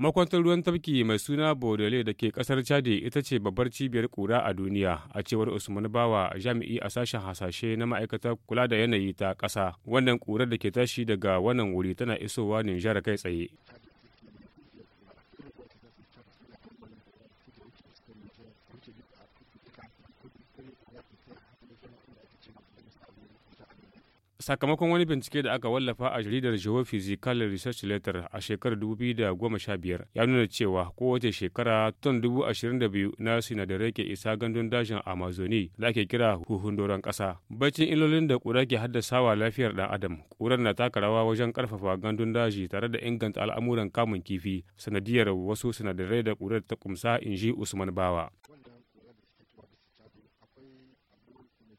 makwantar ruwan tafki mai suna bodole da ke kasar Chadi ita ce babbar cibiyar kura a duniya a cewar Usman Bawa jami'i a sashen hasashe na ma'aikatar kula da yanayi ta kasa Wannan kurar da ke tashi daga wannan wuri tana isowa Nijar kai tsaye. sakamakon wani bincike da aka wallafa a jaridar physical research letter a shekarar 2015 ya nuna cewa kowace shekara ton 22,000 na sinadarai ke isa gandun dajin amazoni da ake kira huhun doron ƙasa baccin ilolin da ƙura ke haddasawa lafiyar dan adam ƙurar na taka rawa wajen ƙarfafa gandun daji tare da inganta al'amuran kamun kifi sanadiyar wasu sinadarai da ƙurar ta kumsa in ji usman bawa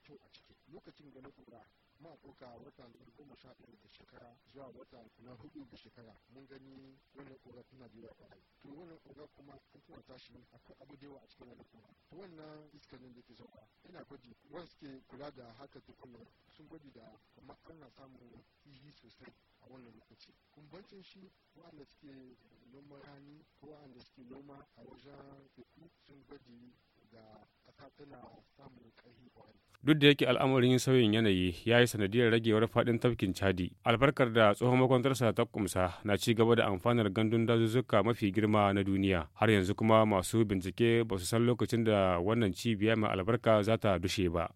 kyau a ciki lokacin da na lura ma ɗauka wata goma sha ɗaya da shekara zuwa wata na hudu da shekara mun gani wannan ƙura tana biyu a kwarai to wannan ƙura kuma an kuma tashi akwai abu da yawa a cikin wannan ƙura to wannan iskanin da ke sauka ina gwaji wanda suke kula da haka tukunan sun gwaji da amma ana samun ihi sosai a wannan lokaci kumbancin shi wanda suke noman rani ko wanda suke noma a wajen teku sun gwaji da duk da yake al'amarin sauyin yanayi ya yi sanadiyar ragewar faɗin tafkin chadi albarkar da tsohon makwantarsa ta kumsa na ci gaba da amfanar gandun dazuzzuka mafi girma na duniya har yanzu kuma masu bincike ba su san lokacin da wannan cibiya mai albarka za ta dushe ba